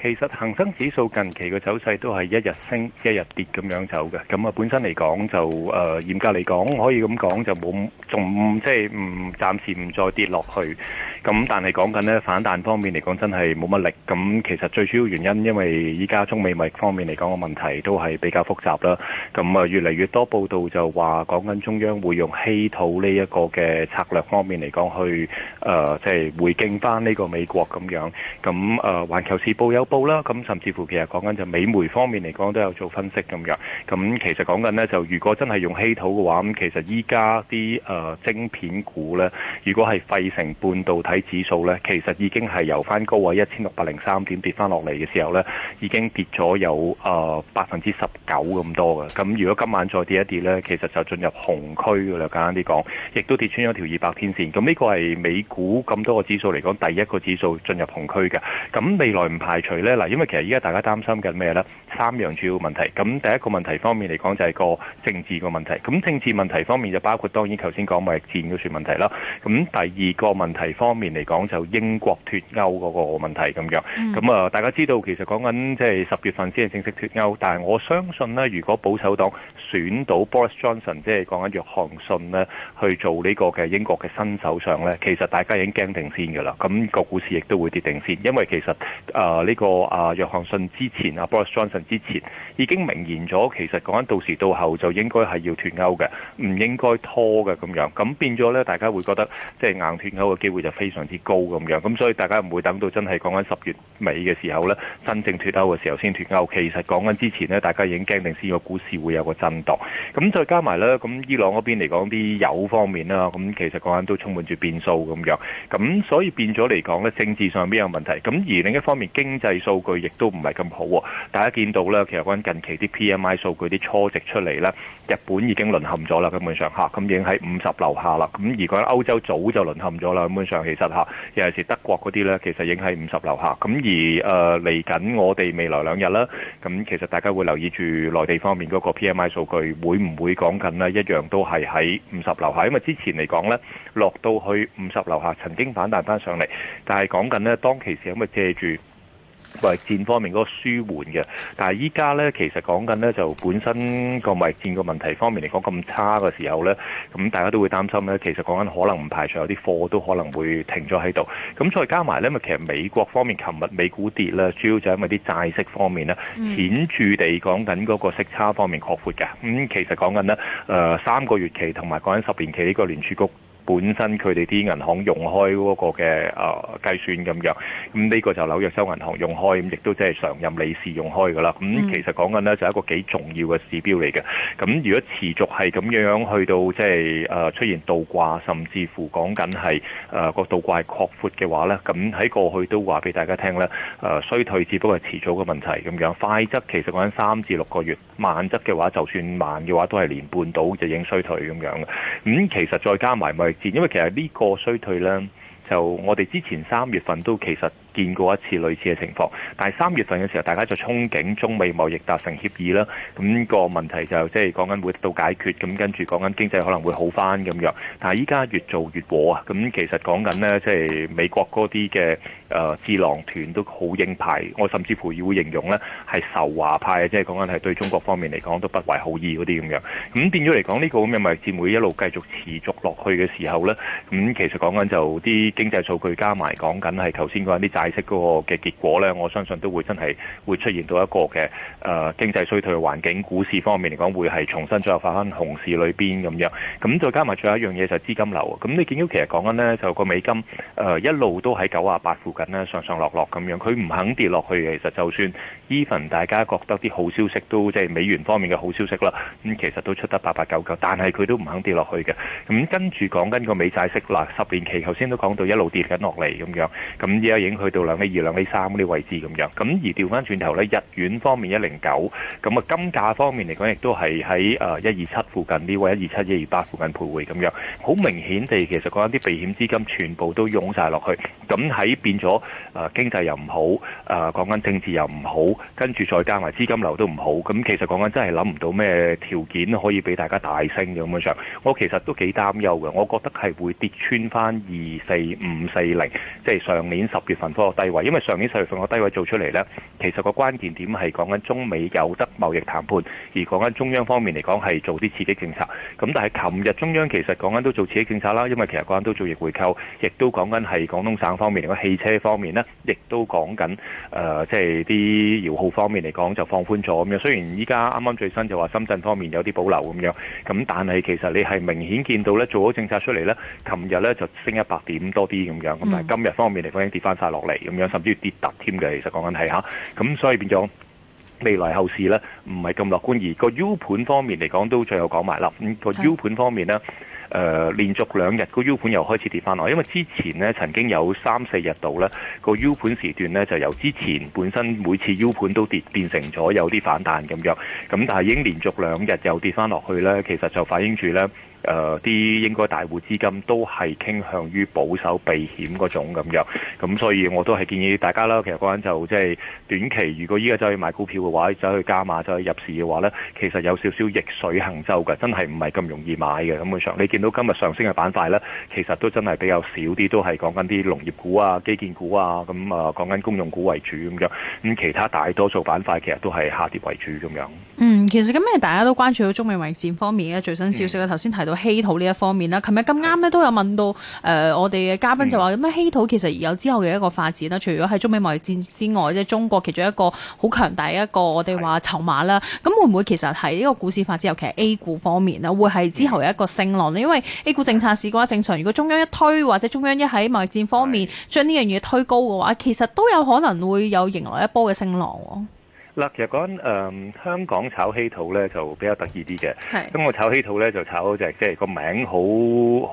其實恆生指數近期嘅走勢都係一日升、一日跌咁樣走嘅，咁啊本身嚟講就，誒嚴格嚟講，可以咁講就冇仲即係唔暫時唔再跌落去。咁但係講緊呢反彈方面嚟講，真係冇乜力。咁其實最主要原因，因為依家中美貿易方面嚟講嘅問題都係比較複雜啦。咁啊越嚟越多報道就話講緊中央會用稀土呢一個嘅策略方面嚟講去，誒，即係回敬返呢個美國咁樣。咁誒環球時報有。報啦，咁甚至乎其實講緊就美媒方面嚟講都有做分析咁樣，咁其實講緊呢，就如果真係用稀土嘅話，咁其實依家啲誒晶片股呢，如果係費城半導體指數呢，其實已經係由翻高位一千六百零三點跌翻落嚟嘅時候呢，已經跌咗有誒百分之十九咁多嘅，咁、呃、如果今晚再跌一跌呢，其實就進入紅區噶啦，簡單啲講，亦都跌穿咗條二百天線，咁呢個係美股咁多個指數嚟講第一個指數進入紅區嘅，咁未來唔排除。咧嗱，因為其實依家大家擔心緊咩咧？三樣主要問題。咁第一個問題方面嚟講，就係個政治個問題。咁政治問題方面就包括當然頭先講貿易戰嗰串問題啦。咁第二個問題方面嚟講，就是英國脱歐嗰個問題咁樣。咁啊，大家知道其實講緊即係十月份先係正式脱歐，但係我相信呢，如果保守黨選到 Boris Johnson，即係講緊約翰遜呢去做呢個嘅英國嘅新首相呢，其實大家已經驚定先噶啦。咁、嗰個股市亦都會跌定先，因為其實啊、這、呢個。個阿約翰遜之前，Boris Johnson 之前已經明言咗，其實講緊到時到後就應該係要脱歐嘅，唔應該拖嘅咁樣。咁變咗呢，大家會覺得即係硬脱歐嘅機會就非常之高咁樣。咁所以大家唔會等到真係講緊十月尾嘅時候呢，真正脱歐嘅時候先脱歐。其實講緊之前呢，大家已經驚定先個股市會有個震盪。咁再加埋呢，咁伊朗嗰邊嚟講啲油方面啦，咁其實講緊都充滿住變數咁樣。咁所以變咗嚟講呢，政治上邊有問題，咁而另一方面經濟。數據亦都唔係咁好、啊、大家見到呢，其實講緊近期啲 P M I 數據啲初值出嚟呢，日本已經淪陷咗啦。根本上嚇咁已經喺五十樓下啦。咁而講歐洲早就淪陷咗啦。根本上其實嚇尤其係德國嗰啲呢，其實已經喺五十樓下。咁而誒嚟緊，我哋未來兩日咧，咁其實大家會留意住內地方面嗰個 P M I 數據會唔會講緊咧？一樣都係喺五十樓下，因為之前嚟講呢，落到去五十樓下曾經反彈翻上嚟，但係講緊呢，當其時因為，借住。貿易戰方面嗰個舒緩嘅，但係依家咧其實講緊咧就本身個貿戰個問題方面嚟講咁差嘅時候咧，咁大家都會擔心咧。其實講緊可能唔排除有啲貨都可能會停咗喺度。咁再加埋咧，咪其實美國方面琴日美股跌咧，主要就因為啲債息方面咧顯著地講緊嗰個息差方面擴闊嘅。咁、嗯、其實講緊呢，誒、呃、三個月期同埋講緊十年期呢個聯儲局。本身佢哋啲銀行用開嗰個嘅啊計算咁樣，咁呢個就紐約收銀行用開，咁亦都即係常任理事用開噶啦。咁其實講緊呢，就一個幾重要嘅指標嚟嘅。咁如果持續係咁樣樣去到即係啊出現倒掛，甚至乎講緊係啊個倒掛係擴闊嘅話呢，咁喺過去都話俾大家聽咧，誒衰退只不過係遲早嘅問題咁樣。快則其實講緊三至六個月，慢則嘅話，就算慢嘅話都係年半到就已經衰退咁樣。咁其實再加埋咪？因為其實呢個衰退呢，就我哋之前三月份都其實，見過一次類似嘅情況，但係三月份嘅時候，大家就憧憬中美貿易達成協議啦。咁個問題就即係講緊會得到解決，咁跟住講緊經濟可能會好翻咁樣。但係依家越做越和啊！咁其實講緊呢，即係美國嗰啲嘅誒智囊團都好鷹派，我甚至乎要形容呢係仇華派，即係講緊係對中國方面嚟講都不懷好意嗰啲咁樣。咁變咗嚟講，呢個咁嘅貿易戰會一路繼續持續落去嘅時候呢，咁其實講緊就啲經濟數據加埋講緊係頭先講啲債。解息嗰個嘅結果呢，我相信都會真係會出現到一個嘅誒、呃、經濟衰退嘅環境，股市方面嚟講會係重新再發翻熊市裏邊咁樣。咁再加埋最後一樣嘢就資金流啊！咁你見到其實講緊呢，就個美金誒、呃、一路都喺九啊八附近呢，上上落落咁樣，佢唔肯跌落去嘅。其實就算 even 大家覺得啲好消息都即係、就是、美元方面嘅好消息啦，咁、嗯、其實都出得八八九九，但係佢都唔肯跌落去嘅。咁跟住講緊個美債息啦，十年期頭先都講到一路跌緊落嚟咁樣，咁而家已經到兩釐二、兩釐三啲位置咁樣，咁而調翻轉頭呢，日元方面一零九，咁啊金價方面嚟講，亦都係喺誒一二七附近呢位，一二七、一二八附近徘徊咁樣，好明顯地，其實講緊啲避險資金全部都湧晒落去，咁喺變咗誒經濟又唔好，誒、啊、講緊政治又唔好，跟住再加埋資金流都唔好，咁其實講緊真係諗唔到咩條件可以俾大家大升咁樣上，我其實都幾擔憂嘅，我覺得係會跌穿翻二四五四零，即係上年十月份。低位，因為上年四月份個低位做出嚟呢，其實個關鍵點係講緊中美有得貿易談判，而講緊中央方面嚟講係做啲刺激政策。咁但係琴日中央其實講緊都做刺激政策啦，因為其實講緊都做逆回購，亦都講緊係廣東省方面，嚟講個汽車方面呢，亦都講緊誒，即係啲搖號方面嚟講就放寬咗咁樣。雖然依家啱啱最新就話深圳方面有啲保留咁樣，咁但係其實你係明顯見到呢，做咗政策出嚟呢，琴日呢就升一百點多啲咁樣，咁但係今日方面嚟講已經跌翻晒落嚟咁樣，甚至跌突添嘅，其實講緊係吓，咁所以變咗未來後市呢，唔係咁樂觀。而個 U 盤方面嚟講，都最後講埋啦。咁、個 U 盤方面呢，誒、呃，連續兩日個 U 盤又開始跌翻落，因為之前呢曾經有三四日度呢、個 U 盤時段呢，就由之前本身每次 U 盤都跌，變成咗有啲反彈咁樣。咁但係已經連續兩日又跌翻落去呢，其實就反映住呢。誒啲應該大戶資金都係傾向於保守避險嗰種咁樣，咁所以我都係建議大家啦，其實講緊就即係短期，如果依家走去買股票嘅話，走去加碼走去入市嘅話呢，其實有少少逆水行舟嘅，真係唔係咁容易買嘅。基本上你見到今日上升嘅板塊呢，其實都真係比較少啲，都係講緊啲農業股啊、基建股啊，咁啊講緊公用股為主咁樣。咁、嗯、其他大多數板塊其實都係下跌為主咁樣。嗯，其實今日大家都關注到中美貿易戰方面嘅最新消息啦，頭先、嗯、提到。稀土呢一方面啦，琴日咁啱咧都有問到，的呃、我哋嘅嘉賓就話咁稀土其實有之後嘅一個發展啦，除咗喺中美貿易戰之外，即係中國其中一個好強大嘅一個我哋話籌碼啦，咁的會唔會其實喺呢個股市發展，尤其係 A 股方面啦，會係之後有一個升浪呢？因為 A 股政策市嘅話，正常如果中央一推或者中央一喺貿易戰方面將呢樣嘢推高嘅話，其實都有可能會有迎來一波嘅升浪。嗱，其實講緊誒香港炒稀土咧就比較得意啲嘅。咁我炒稀土咧就炒嗰隻，即係個名好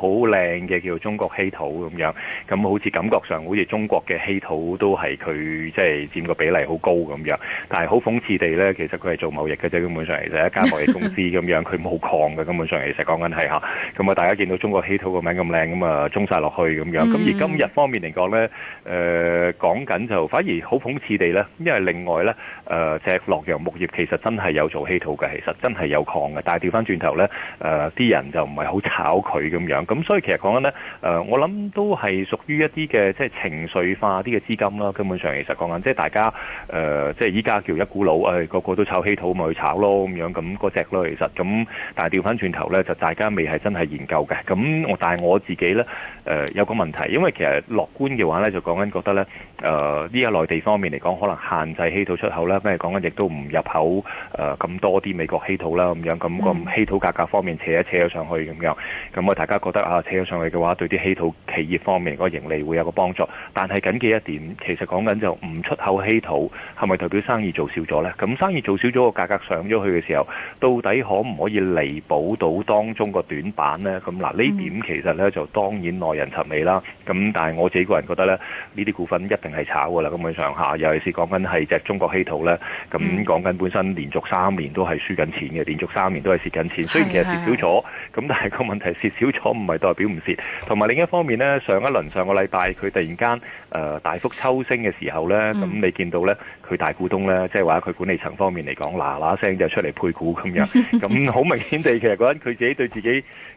好靚嘅，叫做中國稀土咁樣。咁好似感覺上好似中國嘅稀土都係佢即係佔個比例好高咁樣。但係好諷刺地咧，其實佢係做貿易嘅啫，根本上其實一間貿易公司咁樣，佢冇礦嘅根本上其實講緊係嚇。咁啊，大家見到中國稀土個名咁靚，咁啊中曬落去咁樣。咁而今日方面嚟講咧，誒講緊就反而好諷刺地咧，因為另外咧誒。隻洛陽鉬業其實真係有做稀土嘅，其實真係有礦嘅。但係掉翻轉頭呢，誒、呃，啲人就唔係好炒佢咁樣。咁所以其實講緊呢，誒、呃，我諗都係屬於一啲嘅即係情緒化啲嘅資金啦。根本上其實講緊即係大家誒、呃，即係依家叫一股腦誒、哎，個個都炒稀土咪去炒咯咁樣咁嗰隻咯。那個、其實咁，但係掉翻轉頭呢，就大家未係真係研究嘅。咁我但係我自己呢，誒、呃，有個問題，因為其實樂觀嘅話呢，就講緊覺得呢，誒、呃，呢個內地方面嚟講，可能限制稀土出口啦，咩？講緊亦都唔入口誒咁多啲美國稀土啦咁樣，咁個稀土價格方面扯一扯咗上去咁樣，咁啊大家覺得啊扯咗上去嘅話，對啲稀土企業方面個盈利會有個幫助。但係緊記一點，其實講緊就唔出口稀土係咪代表生意做少咗呢？咁生意做少咗個價格上咗去嘅時候，到底可唔可以彌補到當中個短板呢？咁嗱呢點其實呢，就當然耐人尋味啦。咁但係我自己個人覺得呢，呢啲股份一定係炒㗎啦，咁樣上下，尤其是講緊係隻中國稀土呢。咁講緊本身連續三年都係輸緊錢嘅，連續三年都係蝕緊錢。雖然其實蝕少咗，咁是但係個問題，蝕少咗唔係代表唔蝕。同埋另一方面呢，上一輪上個禮拜佢突然間誒、呃、大幅抽升嘅時候呢，咁、嗯、你見到呢，佢大股東呢，即係話佢管理層方面嚟講，嗱嗱聲就出嚟配股咁樣，咁好明顯地， 其實嗰陣佢自己對自己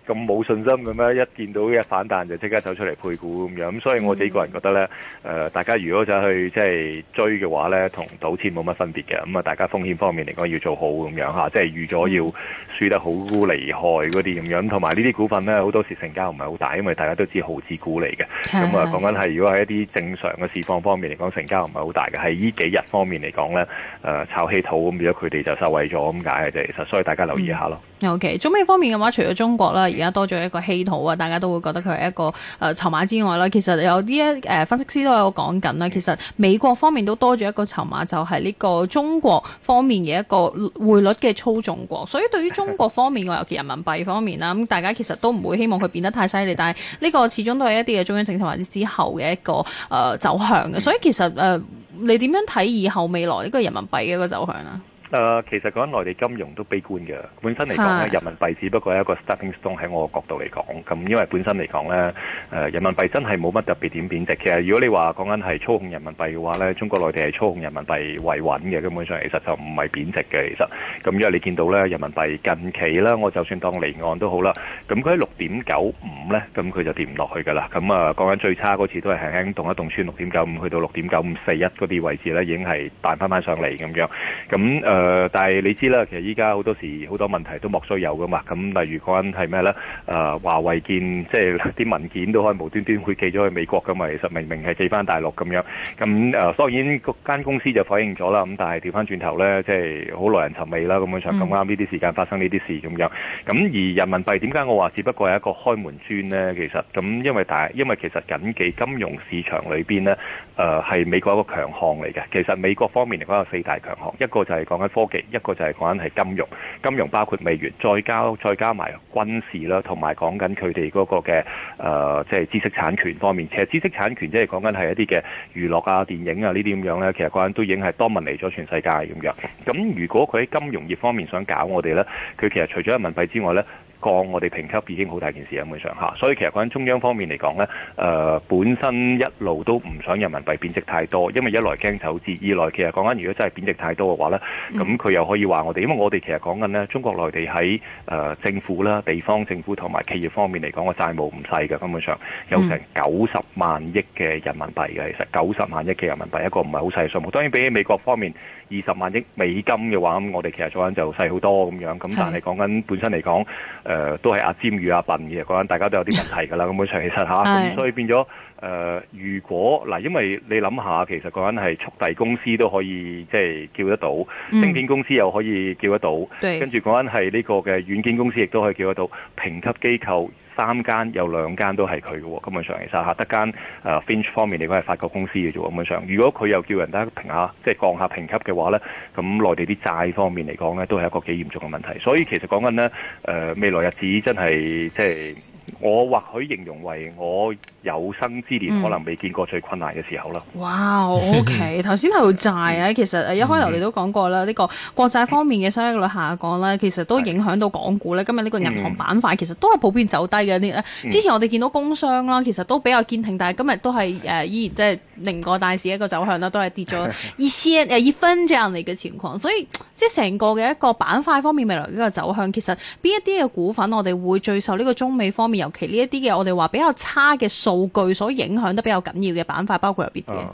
咁冇信心咁樣，一見到一反彈就即刻走出嚟配股咁樣。咁所以我自己個個人覺得呢，誒、嗯呃、大家如果就去即係追嘅話呢，同賭錢冇乜分別。咁啊，大家風險方面嚟講要做好咁樣吓，即係預咗要輸得好厲害嗰啲咁樣。同埋呢啲股份咧，好多時成交唔係好大，因為大家都知毫子股嚟嘅。咁啊是，講緊係如果喺一啲正常嘅市況方面嚟講，成交唔係好大嘅。係呢幾日方面嚟講咧，誒、呃、炒稀土咁樣，佢哋就受惠咗咁解嘅啫。其實，所以大家留意一下咯。O K，中美方面嘅話，除咗中國啦，而家多咗一個稀土啊，大家都會覺得佢係一個誒籌碼之外啦。其實有啲一分析師都有講緊啦，其實美國方面都多咗一個籌碼，就係、是、呢、這個。中國方面嘅一個匯率嘅操縱國，所以對於中國方面嘅尤其人民幣方面啦，咁大家其實都唔會希望佢變得太犀利，但係呢個始終都係一啲嘅中央政策或者之後嘅一個誒走、呃、向嘅，所以其實誒、呃、你點樣睇以後未來呢個人民幣嘅一個走向啊？誒，其實講緊內地金融都悲觀嘅。本身嚟講咧，是的 人民幣只不過係一個 starting stone 喺我個角度嚟講。咁因為本身嚟講咧，誒人民幣真係冇乜特別點貶值。其實如果你話講緊係操控人民幣嘅話咧，中國內地係操控人民幣維穩嘅。根本上其實就唔係貶值嘅。其實咁因為你見到咧，人民幣近期咧，我就算當離岸都好啦，咁佢喺六點九五咧，咁佢就跌唔落去㗎啦。咁啊，講緊最差嗰次都係輕輕動一動穿六點九五，去到六點九五四一嗰啲位置咧，已經係彈翻翻上嚟咁樣。咁誒。呃。誒、呃，但係你知啦，其實依家好多時好多問題都莫須有噶嘛。咁例如講緊係咩咧？誒、呃，華為件，即係啲文件都可以無端端會寄咗去美國噶嘛。其實明明係寄翻大陸咁樣。咁誒、呃，當然嗰間公司就反應咗啦。咁但係調翻轉頭咧，即係好耐人尋味啦。咁樣就咁啱呢啲時間發生呢啲事咁樣。咁而人民幣點解我話只不過係一個開門磚咧？其實咁，因為大，因為其實緊記金融市場裏邊咧，誒、呃、係美國一個強項嚟嘅。其實美國方面嚟講，有四大強項，一個就係講緊，科技，一個就係講緊係金融，金融包括美元，再加再加埋軍事啦，同埋講緊佢哋嗰個嘅誒，即、呃、係、就是、知識產權方面。其實知識產權即係講緊係一啲嘅娛樂啊、電影啊呢啲咁樣咧，其實講緊都已經係多聞嚟咗全世界咁樣。咁如果佢喺金融業方面想搞我哋咧，佢其實除咗人民幣之外咧。降我哋評級，已經好大件事，根本上嚇，所以其實講緊中央方面嚟講咧，誒本身一路都唔想人民幣貶值太多，因為一來驚走資，二來其實講緊如果真係貶值太多嘅話咧，咁佢又可以話我哋，因為我哋其實講緊咧中國內地喺誒政府啦、地方政府同埋企業方面嚟講個債務唔細嘅，根本上有成九十萬億嘅人民幣嘅，其實九十萬億嘅人民幣一個唔係好細嘅數目，當然比起美國方面。二十萬億美金嘅話，咁我哋其實講緊就細好多咁樣。咁但係講緊本身嚟講，誒、呃、都係阿尖與阿笨嘅講緊，大家都有啲問題㗎啦。咁所以其實嚇，咁、 啊、所以變咗誒、呃，如果嗱，因為你諗下，其實講緊係速遞公司都可以即係、就是、叫得到，晶片公司又可以叫得到，嗯、跟住講緊係呢個嘅軟件公司亦都可以叫得到，評級機構。三間有兩間都係佢嘅，根本上其實得間誒、啊、Fitch 方面嚟講係法國公司嘅啫。根本上，如果佢又叫人家評下，即係降下評級嘅話咧，咁內地啲債方面嚟講咧，都係一個幾嚴重嘅問題。所以其實講緊咧、呃、未來日子真係即係我或許形容為我有生之年、嗯、可能未見過最困難嘅時候啦。哇，O K，頭先係債啊，嗯、其實一開頭我哋都講過啦，呢、呢個國債方面嘅收益率下降啦，其實都影響到港股咧。是今日呢個銀行板塊其實都係普遍走低。之前我哋見到工商啦，其實都比較堅挺，但係今日都係、 呃、依然即係凌過大市一個走向啦，都係跌咗二千誒分之入嚟嘅情況，所以即係成個嘅一個板塊方面未來呢個走向，其實邊一啲嘅股份我哋會最受呢個中美方面，尤其呢一啲嘅我哋話比較差嘅數據所影響得比較緊要嘅板塊，包括有邊啲？哦。